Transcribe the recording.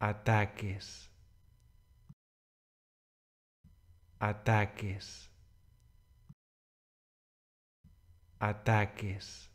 ataques, ataques, ataques.